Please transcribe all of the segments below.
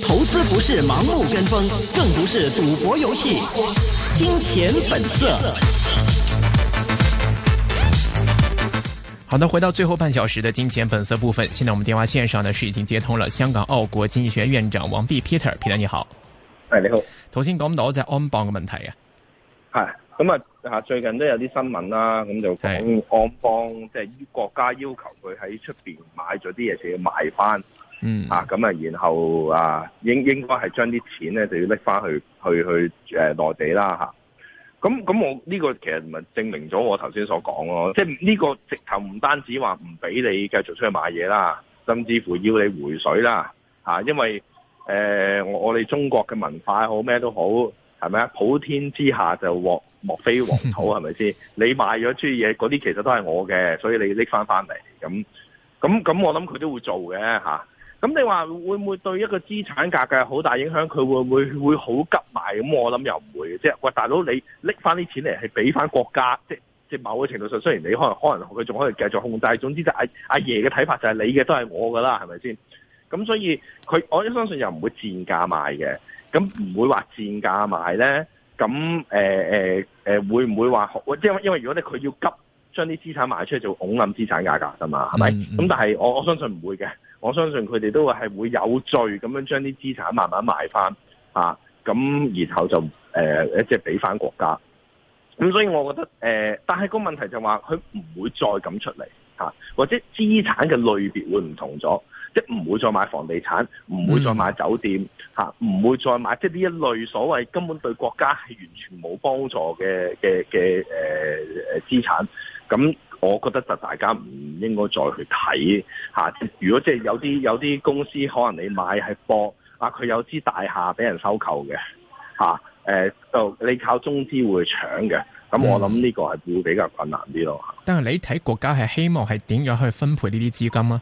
投資不是盲目跟風，更不是賭博遊戲。金錢本色。好的，回到最後半小時的金錢本色部分。現在我們電話線上呢是已經接通了香港奧國經濟學院院長王弼 Peter，Peter 你好。哎，你好。頭先講到在 on b o n 咁啊，最近都有啲新聞啦，咁就講安邦，即係依國家要求佢喺出邊買咗啲嘢，就要賣翻，嗯啊，咁啊，然後啊，應應該係將啲錢咧就要拎翻去，去去誒、啊、內地啦嚇。咁咁，那我呢、這個其實咪證明咗我頭先所講咯，即係呢個直頭唔單止話唔俾你繼續出去買嘢啦，甚至乎要你回水啦，嚇，因為誒、呃、我我哋中國嘅文化好咩都好，係咪啊？普天之下就獲。莫非王土係咪先？ 你買咗出嘢，嗰啲其實都係我嘅，所以你拎翻翻嚟，咁咁咁，我諗佢都會做嘅咁、啊、你話會唔會對一個資產價格好大影響？佢會唔會會好急埋？咁我諗又唔會嘅啫、即係。喂，大佬，你拎翻啲錢嚟係俾翻國家，即即某嘅程度上，雖然你可能可能佢仲可以繼續控制，總之就阿阿爺嘅睇法就係你嘅都係我噶啦，係咪先？咁所以佢，我相信又唔會賤價賣嘅，咁唔會話賤價賣咧。咁誒、呃呃、會唔會話？即因為如果你佢要急將啲資產賣出去做拱冧資產價格㗎嘛，係咪？咁、嗯嗯、但係我我相信唔會嘅，我相信佢哋都係會有序咁樣將啲資產慢慢賣返。啊，咁然後就誒一即係俾翻國家。咁所以，我覺得、呃、但係個問題就話佢唔會再咁出嚟、啊、或者資產嘅類別會唔同咗。即係唔會再買房地產，唔會再買酒店，吓、嗯、啊、唔會再買即係呢一類所謂根本對國家係完全冇幫助嘅嘅嘅誒誒資產。咁我覺得就大家唔應該再去睇吓、啊。如果即係有啲有啲公司可能你買係貨，啊佢有支大廈俾人收購嘅，吓、啊、誒、呃、就你靠中資會搶嘅。咁我諗呢個係會比較困難啲咯、嗯。但係你睇國家係希望係點樣去分配呢啲資金啊？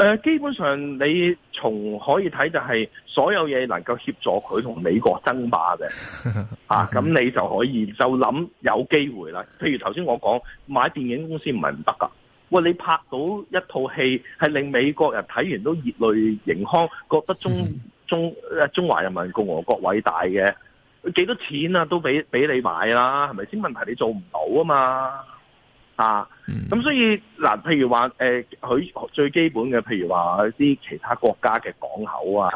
誒，基本上你從可以睇就係所有嘢能夠協助佢同美國爭霸嘅， 啊，咁你就可以就諗有機會啦。譬如頭先我講買電影公司唔係唔得噶，喂，你拍到一套戲係令美國人睇完都熱淚盈眶，覺得中 中中華人民共和國偉大嘅，幾多錢啊都俾俾你買啦，係咪先？問題你做唔到啊嘛。Mm-hmm. 啊，咁所以嗱，譬如話誒，佢、呃、最基本嘅，譬如話啲其他國家嘅港口啊，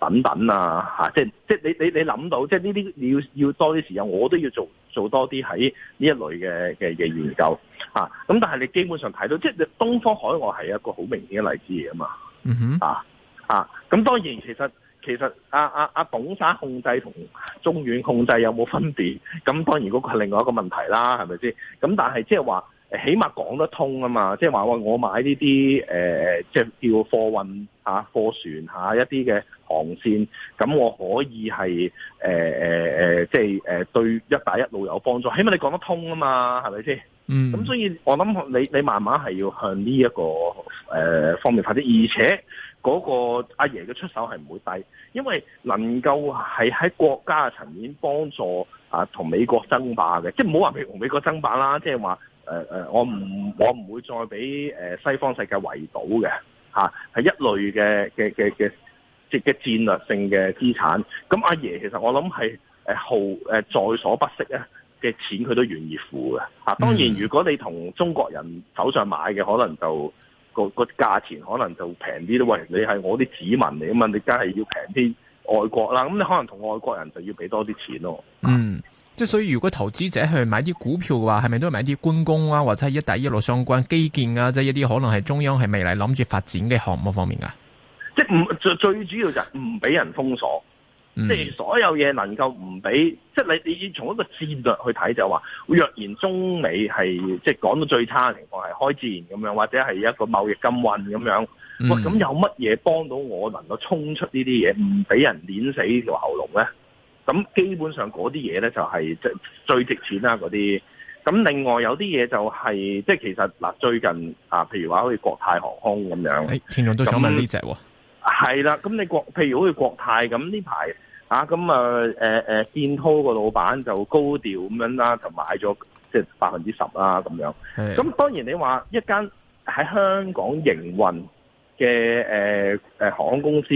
等等啊，吓、啊，即係即係你你你諗到，即係呢啲要要多啲時間，我都要做做多啲喺呢一類嘅嘅嘅研究啊。咁但係你基本上睇到，即係東方海外係一個好明顯嘅例子嚟啊嘛。嗯哼，啊、Mm-hmm. 啊，咁、啊、當然其實。其實阿阿阿董生控制同中遠控制有冇分別？咁當然嗰個係另外一個問題啦，係咪先？咁但係即係話，起碼講得通啊嘛！即係話我買呢啲誒誒，即係叫貨運嚇、啊、貨船嚇、啊、一啲嘅航線，咁我可以係誒誒誒，即係誒對一帶一路有幫助。起碼你講得通啊嘛，係咪先？嗯。咁所以我想，我諗你你慢慢係要向呢、這、一個誒、呃、方面發展，而且。嗰、那個阿爺嘅出手係唔會低，因為能夠係喺國家嘅層面幫助啊同美國爭霸嘅，即係唔好話同美國爭霸啦，即係話誒誒，我唔我唔會再俾誒、呃、西方世界圍堵嘅嚇，係、啊、一類嘅嘅嘅嘅嘅戰略性嘅資產。咁、啊、阿爺其實我諗係誒豪誒在所不惜啊嘅錢佢都願意付嘅嚇、啊。當然如果你同中國人手上買嘅，可能就。個個價錢可能就平啲咯，喂，你係我啲子民嚟啊嘛，你梗係要平啲外國啦，咁你可能同外國人就要俾多啲錢咯。嗯，即係所以如果投資者去買啲股票嘅話，係咪都係買啲官公啊，或者係一帶一路相關基建啊，即係一啲可能係中央係未來諗住發展嘅項目方面嘅、啊？即係唔最最主要就係唔俾人封鎖。即、嗯、係所有嘢能夠唔俾，即係你你要從一個戰略去睇，就話若然中美係即係講到最差嘅情況係開戰咁樣，或者係一個貿易禁運咁樣，咁、嗯、有乜嘢幫到我能夠衝出呢啲嘢，唔俾人碾死條喉嚨咧？咁基本上嗰啲嘢咧就係即係最值錢啦嗰啲。咁另外有啲嘢就係、是、即係其實嗱最近啊，譬如話好似國泰航空咁樣，誒，聽眾都想問呢隻喎，係啦，咁你國譬如好似國泰咁呢排。啊，咁啊，誒、啊、誒、啊啊啊啊、建滔個老闆就高調咁樣啦，就買咗即係百分之十啦、啊、咁樣。咁當然你話一間喺香港營運嘅誒誒航空公司，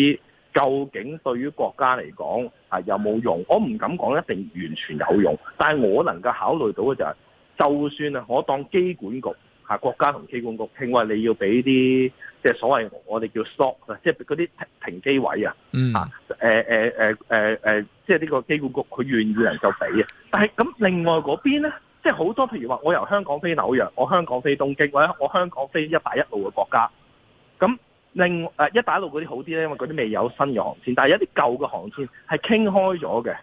究竟對於國家嚟講、啊啊、係有冇用？我唔敢講一定完全有用，但係我能夠考慮到嘅就係、是，就算係我當機管局。啊！國家同機管局聽話，你要俾啲即係所謂我哋叫 slot 啊，即係嗰啲停機位啊、嗯呃呃呃呃，即係呢個機管局佢願意能夠俾啊。但係咁另外嗰邊咧，即係好多譬如話，我由香港飛紐約，我香港飛東京，或者我香港飛一帶一路嘅國家，咁另一帶一路嗰啲好啲咧，因為嗰啲未有新嘅航線，但係有啲舊嘅航線係傾開咗嘅，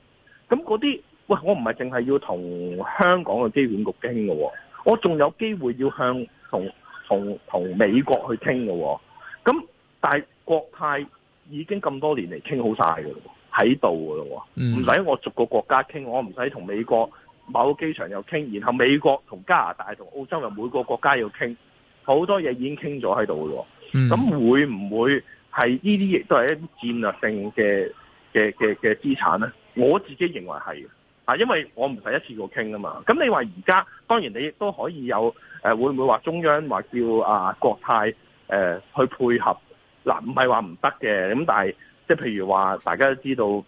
咁嗰啲喂，我唔係淨係要同香港嘅機管局傾嘅喎。我仲有機會要向同同同美國去傾嘅喎，咁但係國泰已經咁多年嚟傾好曬㗎咯，喺度嘅咯，唔使我逐個國家傾，我唔使同美國某個機場又傾，然後美國同加拿大同澳洲又每個國家要傾，好多嘢已經傾咗喺度嘅咯。咁會唔會係呢啲亦都係一啲戰略性嘅嘅嘅嘅資產咧？我自己認為係嘅。啊，因為我唔係一次過傾啊嘛。咁你話而家當然你亦都可以有誒、呃，會唔會話中央話、呃、叫啊國泰誒、呃、去配合？嗱、呃，唔係話唔得嘅。咁但係即係譬如話大家都知道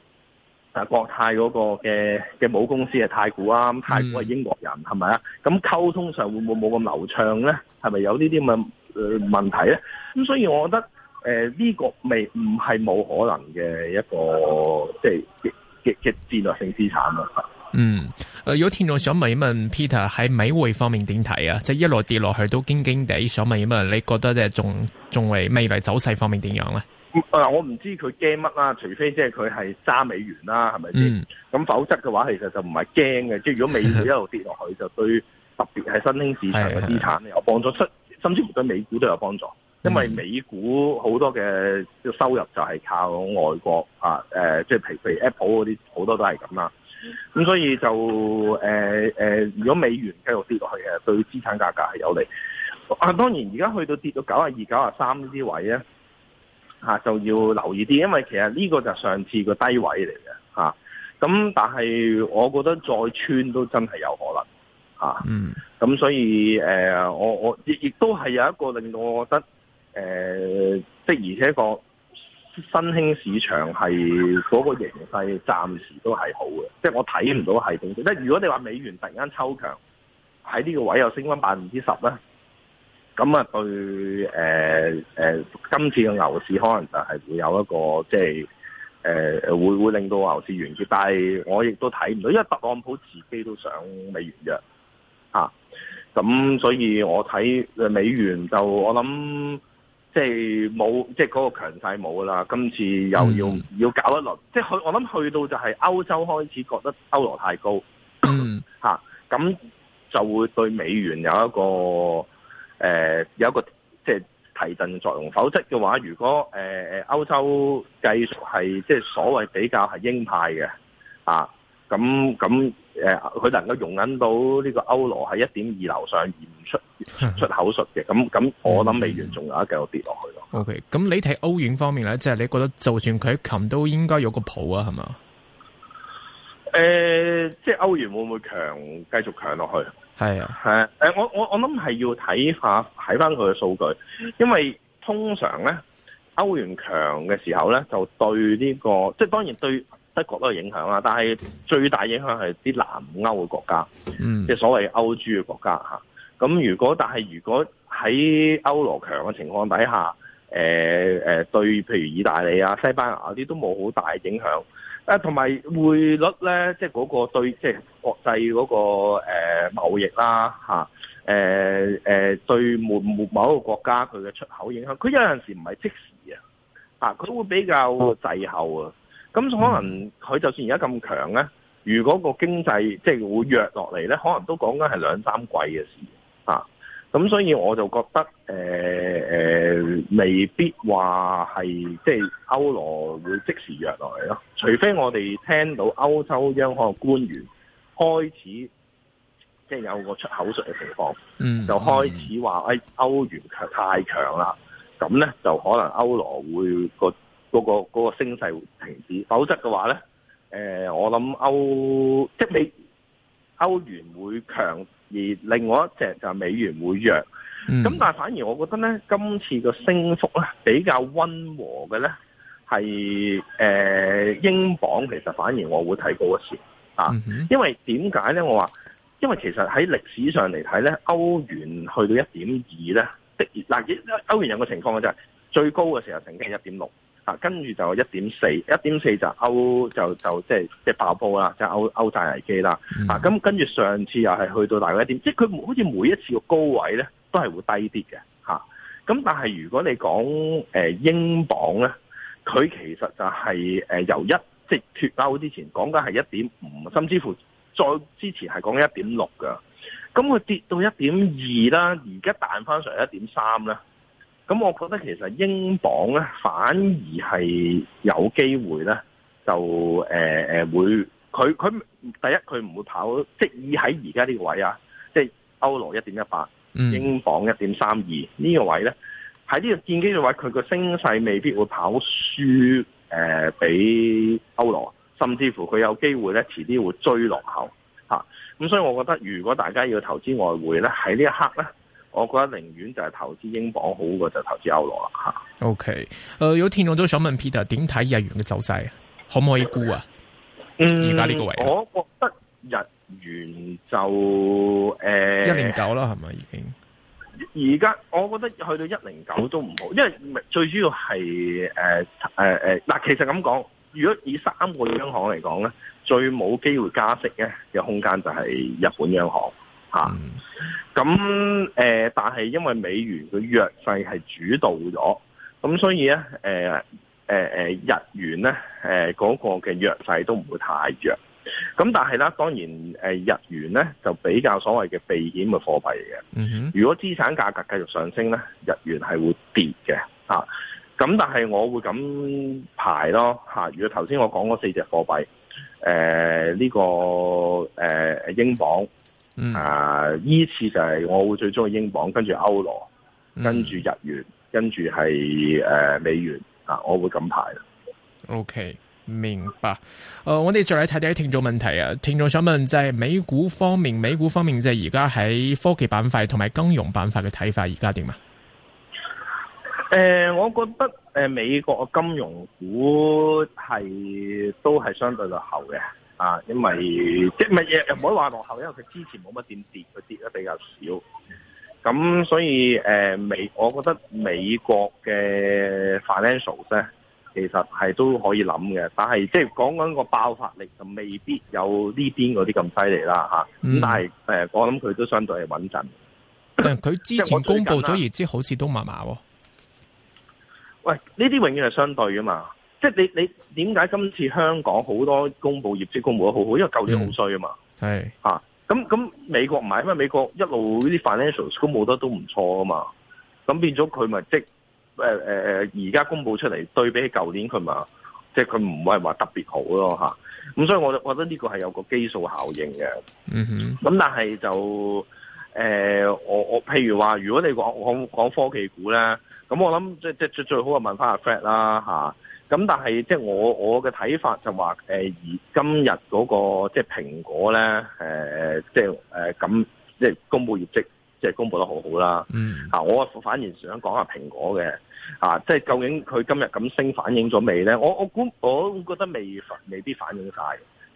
啊，國泰嗰個嘅嘅母公司係太古啊，太古係英國人係咪啊？咁、嗯、溝通上會唔會冇咁流暢咧？係咪有呢啲咁嘅誒問題咧？咁所以我覺得誒呢、呃這個未唔係冇可能嘅一個即係。嘅嘅戰略性資產啊，嗯，誒、呃，如果聽眾想問一問 Peter 喺美匯方面點睇啊？即、就、係、是、一路跌落去都驚驚地，想問一問你覺得即係仲仲未未來走勢方面點樣咧？誒、嗯呃，我唔知佢驚乜啦，除非即係佢係揸美元啦，係咪先？咁、嗯、否則嘅話，其實就唔係驚嘅。即係如果美匯一路跌落去， 就對特別係新興市場嘅資產有幫助，出 甚至乎對美股都有幫助。因為美股好多嘅收入就係靠外國啊，誒、呃，即係譬如 Apple 嗰啲好多都係咁啦，咁所以就誒誒、呃呃，如果美元繼續跌落去嘅，對資產價格係有利啊。當然而家去到跌到九啊二、九啊三呢啲位咧，吓就要留意啲，因為其實呢個就係上次個低位嚟嘅吓，咁、啊、但係我覺得再穿都真係有可能吓，咁、啊、所以誒、呃，我我亦亦都係有一個令到我覺得。誒、呃，即而且個新興市場係嗰個形勢暫時都係好嘅，即係我睇唔到係點。即係如果你話美元突然間抽強，喺呢個位置又升翻百分之十咧，咁啊對誒誒、呃呃、今次嘅牛市可能就係會有一個即係誒、呃、會會令到牛市完結。但係我亦都睇唔到，因為特朗普自己都想美元弱，吓、啊、咁，所以我睇美元就我諗。即係冇，即係嗰個強勢冇啦。今次又要、嗯、要搞一輪，即係去我諗去到就係歐洲開始覺得歐羅太高咁、嗯、就會對美元有一個、呃、有一個即係提振作用。否則嘅話，如果、呃、歐洲繼續係即係所謂比較係鷹派嘅啊。咁咁誒，佢、呃、能夠容忍到呢個歐羅喺一點二樓上而唔出、嗯、出口術嘅，咁咁我諗美元仲有一嚿跌落去咯。OK，咁你睇歐元方面咧，即、就、係、是、你覺得就算佢喺擒都應該有個譜啊，係嘛？誒、呃，即係歐元會唔會強，繼續強落去？係啊，係誒、呃，我我我諗係要睇下睇翻佢嘅數據，因為通常咧歐元強嘅時候咧，就對呢、這個即係當然對。德國都有影響啦，但係最大影響係啲南歐嘅國家，mm. 即係所謂歐豬嘅國家嚇。咁如果但係如果喺歐羅強嘅情況底下，誒、呃、誒、呃、對譬如意大利啊、西班牙嗰啲都冇好大影響。誒同埋匯率咧，即係嗰個對即係、就是、國際嗰、那個誒、呃、貿易啦、啊、嚇，誒、呃、誒、呃、對冇某一個國家佢嘅出口影響，佢有陣時唔係即時啊，但係佢會比較滯後啊。咁、嗯、可能佢就算而家咁強咧，如果個經濟即係、就是、會弱落嚟咧，可能都講緊係兩三季嘅事啊。咁所以我就覺得誒誒、呃呃、未必話係即係歐羅會即時弱落嚟咯。除非我哋聽到歐洲央行嘅官員開始即係、就是、有個出口術嘅情況，就開始話誒歐元太強啦。咁咧就可能歐羅會個。嗰、那個嗰、那個升勢停止，否則嘅話呢，誒、呃，我諗歐即美歐元會強，而另外一隻就係美元會弱。咁、嗯、但係反而我覺得呢，今次個升幅呢，比較溫和嘅呢係誒英鎊，其實反而我會睇高一線、啊嗯、因為點解呢？我話因為其實喺歷史上嚟睇呢，歐元去到一點二咧，歐元有個情況就係、是、最高嘅時候曾經係一點六。啊，跟住就一點四，一點四就歐就就即係即係爆煲啦，即係歐歐債危機啦。啊，咁跟住上次又係去到大概一點，即係佢好似每一次個高位咧，都係會低啲嘅嚇。咁、啊、但係如果你講、呃、英鎊咧，佢其實就係、是呃、由一即係脫脱歐之前講緊係一點五，甚至乎再之前係講一點六㗎。咁、嗯、佢跌到一點二啦，而家彈翻上一點三啦。咁我覺得其實英鎊咧，反而係有機會咧，就誒、呃、會，佢佢第一佢唔會跑，即以喺而家呢個位啊，即係歐羅一點一八，英鎊一點三二呢個位咧，喺呢個戰機嘅位，佢個升勢未必會跑輸誒俾歐羅，甚至乎佢有機會咧，遲啲會追落後吓咁、啊、所以我覺得，如果大家要投資外匯咧，喺呢一刻咧。我覺得寧願就係投資英鎊好過就投資歐羅啦嚇 O K，誒有聽眾都想問 Peter 點睇日元嘅走勢，可唔可以估啊？嗯，而家呢個位，我覺得日元就誒一零九啦，係咪已經？而家我覺得去到一零九都唔好，因為最主要係誒嗱其實咁講，如果以三個央行嚟講咧，最冇機會加息嘅嘅空間就係日本央行。吓、嗯，咁誒、呃，但係因為美元嘅弱勢係主導咗，咁所以咧，誒、呃，誒、呃，誒、呃，日元咧，誒、呃，嗰、那個嘅弱勢都唔會太弱。咁但係啦，當然，誒、呃，日元咧就比較所謂嘅避險嘅貨幣嚟嘅。嗯哼。如果資產價格繼續上升咧，日元係會跌嘅。吓、啊，咁但係我會咁排咯。吓、啊，如果頭先我講嗰四隻貨幣，誒、呃，呢、這個誒、呃、英鎊。嗯、啊！依次就係我會最中意英鎊，跟住歐羅，跟住日元，跟住係誒美元啊！我會咁排。OK，明白。誒、呃，我哋再嚟睇睇聽眾問題啊！聽眾想問，就係美股方面，美股方面，就係而家喺科技板塊同埋金融板塊嘅睇法，而家點啊？誒，我覺得誒，美國嘅金融股係都係相對落後嘅。啊，因為即係乜嘢，唔好話落後，因為佢之前冇乜點跌，佢跌得比較少。咁所以誒美、呃，我覺得美國嘅 financial 咧，其實係都可以諗嘅。但係即係講緊個爆發力就未必有呢邊嗰啲咁犀利啦嚇。但係誒、呃，我諗佢都相對係穩陣。但係佢之前公布咗業、啊、業績好似都麻麻喎。喂，呢啲永遠係相對噶嘛。即係你你點解今次香港好多公布業績公布得好好？因為舊年好衰啊嘛。係咁，咁美國唔係，因為美國一路啲 financials 公布得都唔錯啊嘛。咁變咗佢咪即誒誒誒，而家公布出嚟對比起舊年，就是，佢咪即係佢唔會話特別好咯吓。咁、啊、所以我就覺得呢個係有個基數效應嘅。嗯哼。咁、啊、但係就誒、呃，我我譬如話如果你講講科技股咧，咁我諗即即最最好係問翻阿 Fred 啦吓。啊咁但係即係我我嘅睇法就話誒而今日嗰、那個即係蘋果咧誒、呃、即係誒咁即係公佈業績即係公佈得好好啦、嗯。啊，我反而想講下蘋果嘅啊，即係究竟佢今日咁升反映咗未咧？我我估我覺得未未必反映晒，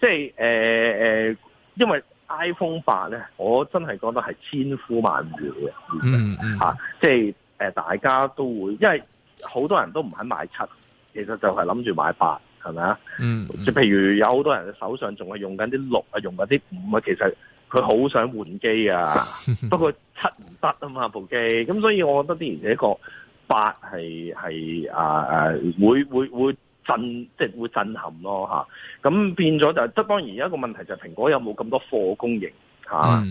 即係誒誒，因為 iPhone 八咧，我真係覺得係千呼萬喚嘅。嗯嗯。吓、啊，即係誒、呃，大家都會，因為好多人都唔肯賣出。其實就係諗住買八係咪啊？即係譬如有好多人嘅手上仲係用緊啲六啊，用緊啲五啊，其實佢好想換機 啊。不過七唔得啊嘛，部機。咁所以我覺得依然係一個八係係啊，會會會震，即係會震撼咯吓。咁變咗就，即係當然有一個問題就係蘋果有冇咁多貨供應吓。咁、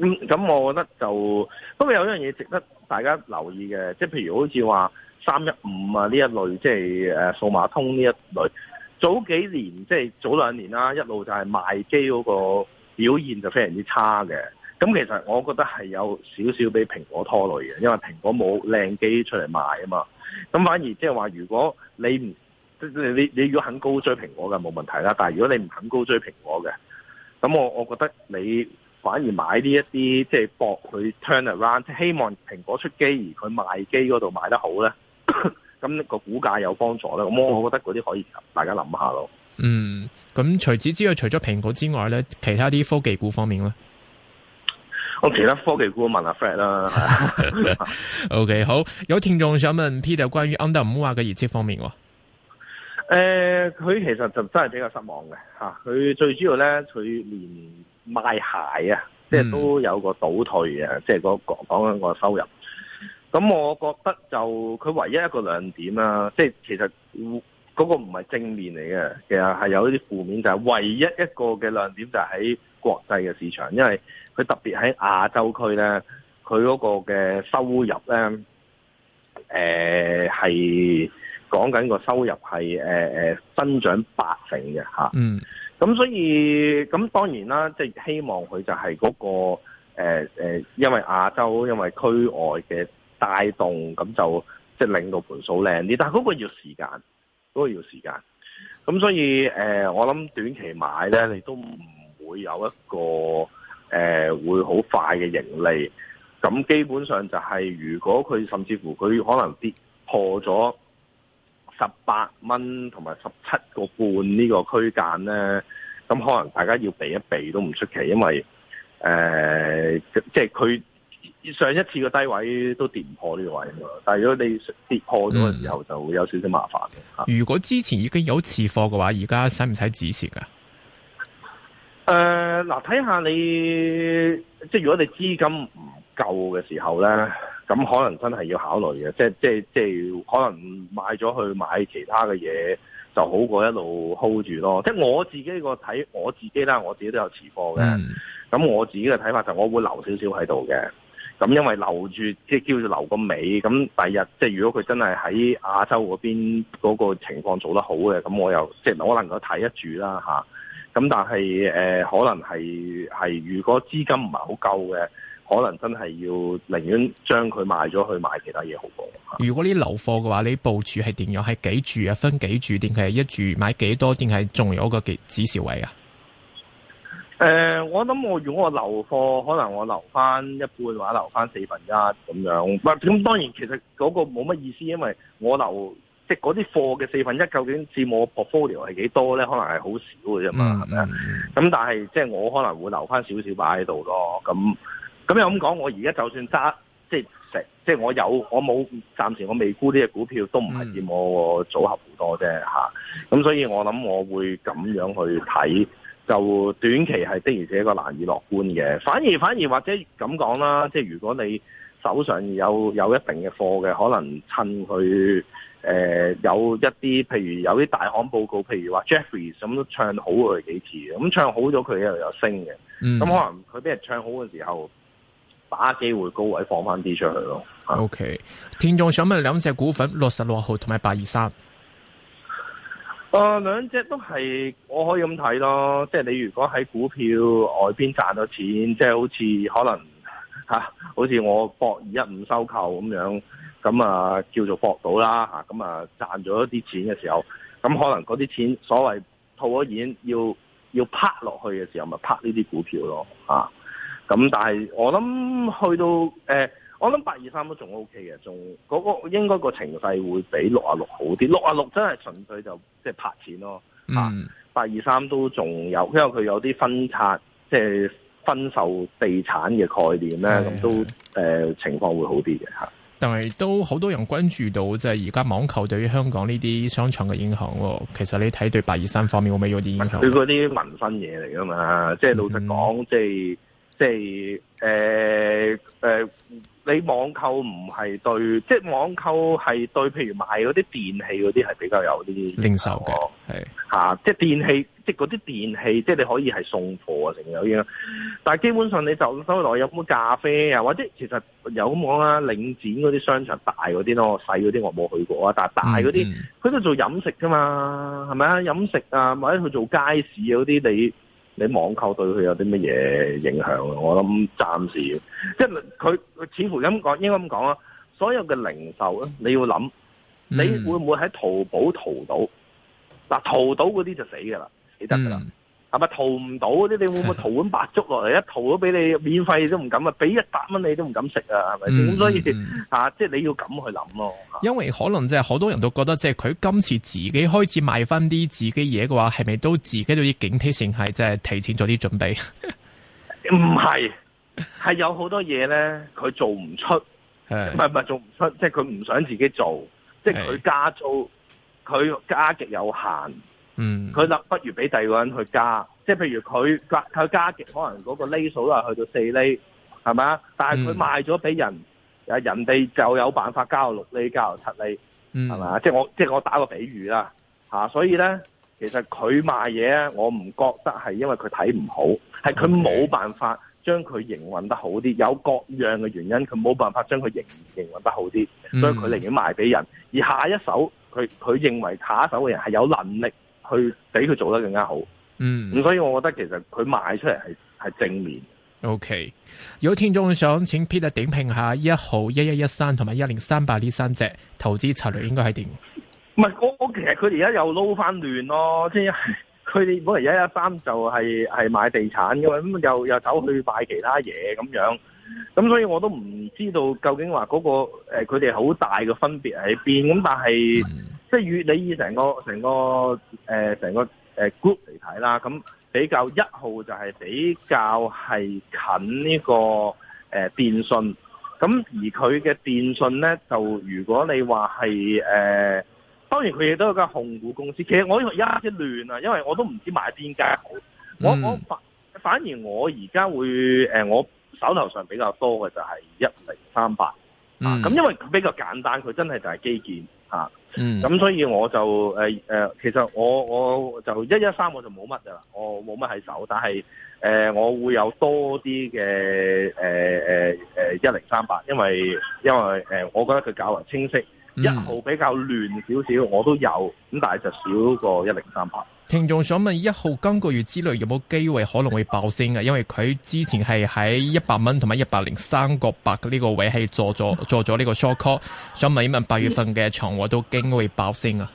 嗯、咁，啊、我覺得就不過有一樣嘢值得大家留意嘅，即係譬如好似話。三一五啊呢一類，即係誒數碼通呢一類，早幾年即係早兩年啦、啊，一路就係賣機嗰個表現就非常之差嘅。咁其實我覺得係有少少俾蘋果拖累嘅，因為蘋果冇靚機出嚟賣啊嘛。咁反而即係話，如果你唔即係你你，你如果肯高追蘋果嘅冇問題啦，但如果你唔肯高追蘋果嘅，咁我我覺得你反而買呢一啲即係博佢 turn around，即希望蘋果出機而佢賣機嗰度賣得好咧。咁 個股價有幫助啦。咁我我覺得嗰啲可以大家諗下咯。嗯，咁除此之外，除咗蘋果之外咧，其他啲科技股方面咧，我其他科技股問阿 Fred 啦。 OK，好，有聽眾想問 Peter 關於 Under Armour 嘅業績方面。誒、呃，佢其實就真係比較失望嘅吓，佢、啊、最主要咧，佢連賣鞋啊，即、就、係、是、都有個倒退啊，即係講講緊個收入。咁我覺得就佢唯一一個亮點啦，即係其實嗰個唔係正面嚟嘅，其實係有一啲負面，就係、是、唯一一個嘅亮點就係喺國際嘅市場，因為佢特別喺亞洲區咧，佢嗰個嘅收入咧，係講緊個收入係誒誒增長八成嘅嚇。嗯。咁所以咁當然啦，即、就、係、是、希望佢就係嗰、那個誒、呃呃、因為亞洲，因為區外嘅。帶動咁就即係令到盤數靚啲，但係嗰個要時間，嗰、嗰個要時間。咁所以誒、呃，我諗短期買咧，你都唔會有一個誒、呃、會好快嘅盈利。咁基本上就係、係、如果佢甚至乎佢可能跌破咗十八蚊同埋十七個半呢個區間咧，咁可能大家要避一避都唔出奇，因為誒、呃、即係佢。上一次嘅低位都跌唔破呢個位，但係如果你跌破咗嘅時候、嗯，就會有少少麻煩嘅。如果之前已經有持貨嘅話，而家使唔使止蝕啊？誒、呃，嗱，睇下你即係如果你資金唔夠嘅時候咧，咁可能真係要考慮嘅，即係即係即係可能買咗去買其他嘅嘢，就好過一路 hold 住咯。即係我自己個睇，我自己啦，我自己都有持貨嘅，咁、嗯、我自己嘅睇法就我會留少少喺度嘅。咁因為留住即係叫做留個尾，咁第日即係如果佢真係喺亞洲嗰邊嗰個情況做得好嘅，咁我又即係可能我睇一住啦嚇。咁、啊、但係誒、呃，可能係係如果資金唔係好夠嘅，可能真係要寧願將佢賣咗去買其他嘢好過、啊。如果呢流貨嘅話，你部署係點樣？係幾住啊？分幾住定係一住買？買幾多？定係仲有個指示位啊？誒、呃，我諗我如果我留貨，可能我留翻一半或者留翻四分一咁樣。咁當然其實嗰個冇乜意思，因為我留即係嗰啲貨嘅四分一，究竟佔我 portfolio 係幾多咧？可能係好少嘅啫嘛，係咪啊？咁、嗯嗯嗯、但係即係我可能會留翻少少擺喺度咯。咁咁又咁講，我而家就算揸即係成，即係我有我冇，暫時我未沽呢隻股票都唔係佔我組合好多啫。吓、啊、咁、嗯嗯嗯嗯、所以我諗我會咁樣去睇。就短期係的而且確一個難以樂觀嘅。反而反而或者咁講啦，即係如果你手上有有一定嘅貨嘅，可能趁佢誒、呃、有一啲，譬如有啲大行報告，譬如話 Jeffrey 咁都唱好佢幾次嘅，咁唱好咗佢又有升嘅，咁、嗯、可能佢俾人唱好嘅時候，把機會高位放翻啲出去咯。啊、o、okay, K，聽眾想問兩隻股份，六十六號同埋八二三。啊、呃，兩隻都係我可以咁睇咯，即係你如果喺股票外邊賺到錢，即係好似可能、啊、好似我博二一五收購咁樣，咁啊叫做博到啦嚇，咁啊賺咗啲錢嘅時候，咁、啊、可能嗰啲錢所謂套咗錢要要泊落去嘅時候，咪泊呢啲股票咯啊，咁、啊、但係我諗去到、呃我諗八二三都仲 O K 嘅，仲嗰個應該個情勢會比六啊六好啲。六啊六真係純粹就即係拍錢咯，啊、嗯！八二三都仲有，因為佢有啲分拆，即係分售地產嘅概念咧，咁都誒情況會好啲嘅嚇。但係都好多人關注到，即係而家網購對於香港呢啲商場嘅影響喎。其實你睇對八二三方面有冇啲影響？對嗰啲民生嘢嚟㗎嘛，即係老實講，即係即係誒誒你網購唔係對，即係網購係對，譬如買嗰啲電器嗰啲係比較有啲零售嘅，係、啊、即係電器，即係嗰啲電器，即係你可以係送貨啊，成咁樣。但係基本上你就收來有冇咖啡啊，或者其實有咁講啦，領展嗰啲商場大嗰啲咯，細嗰啲我冇去過啊。但係大嗰啲佢都做飲食㗎嘛，係咪啊飲食啊，或者去做街市嗰啲你。你網購對佢有啲乜嘢影響啊？我諗暫時，即係佢似乎咁講，應該咁講啦。所有嘅零售咧，你要諗，你會唔會喺淘寶淘到？嗱，淘到嗰啲就死㗎啦，死得㗎啦。嗯係咪淘唔到啲？你會唔會淘碗白粥落嚟？ 一淘咗俾你，免費都唔敢啊！俾一百蚊你都唔敢食啊！係咪？咁所以即係你要咁去諗咯。因為可能即係好多人都覺得，即係佢今次自己開始賣翻啲自己嘢嘅話，係咪都自己都要警惕性係，即係提前做啲準備？唔係，係 有好多嘢咧，佢做唔出，誒， 唔係唔係做唔出，即係佢唔想自己做，即係佢加租，佢加極有限。嗯，佢立不如俾第二個人去加，即係譬如佢佢加極可能嗰個厘數都係去到四厘，單，係咪啊？但係佢賣咗俾人，啊、嗯、人哋就有辦法交到六厘、交到七厘，單，係咪啊？即係我即係我打個比喻啦嚇、啊，所以咧其實佢賣嘢咧，我唔覺得係因為佢睇唔好，係佢冇辦法將佢營運得好啲，有各樣嘅原因，佢冇辦法將佢營營運得好啲、嗯，所以佢寧願賣俾人，而下一手佢佢認為下一手嘅人係有能力。去俾佢做得更加好，嗯，咁所以我覺得其實佢賣出嚟係係正面。O K，有聽眾想請 Peter 點評下一號、一一一三同埋一零三八呢三隻投資策略應該係點？唔係，我其實佢哋而家又撈翻亂咯，即係佢哋本嚟一一三就係、係、係買地產嘅，咁又又走去買其他嘢咁樣，咁所以我都唔知道究竟話嗰、嗰個誒，佢哋好大嘅分別喺邊，咁但係。嗯即、就、係、是、你以成個成個誒成、呃個,呃、個 group 嚟睇啦，咁比較一號就係比較係近呢、這個誒、呃、電信，咁而佢嘅電信咧就如果你話係誒，當然佢亦都有一個控股公司。其實我一啲亂啊，因為我都唔知買邊間好、mm.。我我反反而我而家會誒、呃，我手頭上比較多嘅就係一零三八，咁因為佢比較簡單，佢真係就係基建、啊嗯，咁所以我就誒誒，其實我我就一一三我就冇乜嘅啦，我冇乜喺手，但係誒我會有多啲嘅誒誒誒一零三八，因為因為誒，我覺得佢較為清晰，一號比較亂少少，我都有，咁但係就少過一零三八。聽眾想問，一號今個月之內有冇機會可能會爆升嘅？因為佢之前係喺一百蚊同埋一百零三個八呢個位係做咗做咗呢個 short call，想問一問八月份嘅長，我都驚會爆升啊。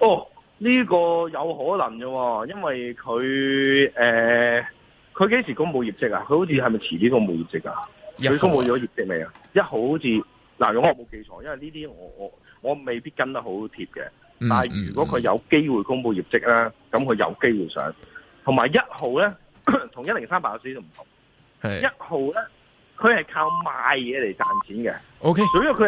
哦，呢個有可能啫，因為佢誒，佢，呃、幾時公布業績啊？佢好似係咪遲啲公布業績啊？佢公布咗業績未啊？一號好似，嗱，如果我冇記錯，因為呢啲我我我未必跟得好貼嘅。但係如果佢有機會公布業績咧，咁佢有機會上。同埋一號咧，同一零三八個股都唔同。係一號咧，佢係靠賣嘢嚟賺錢嘅。O K。所以佢。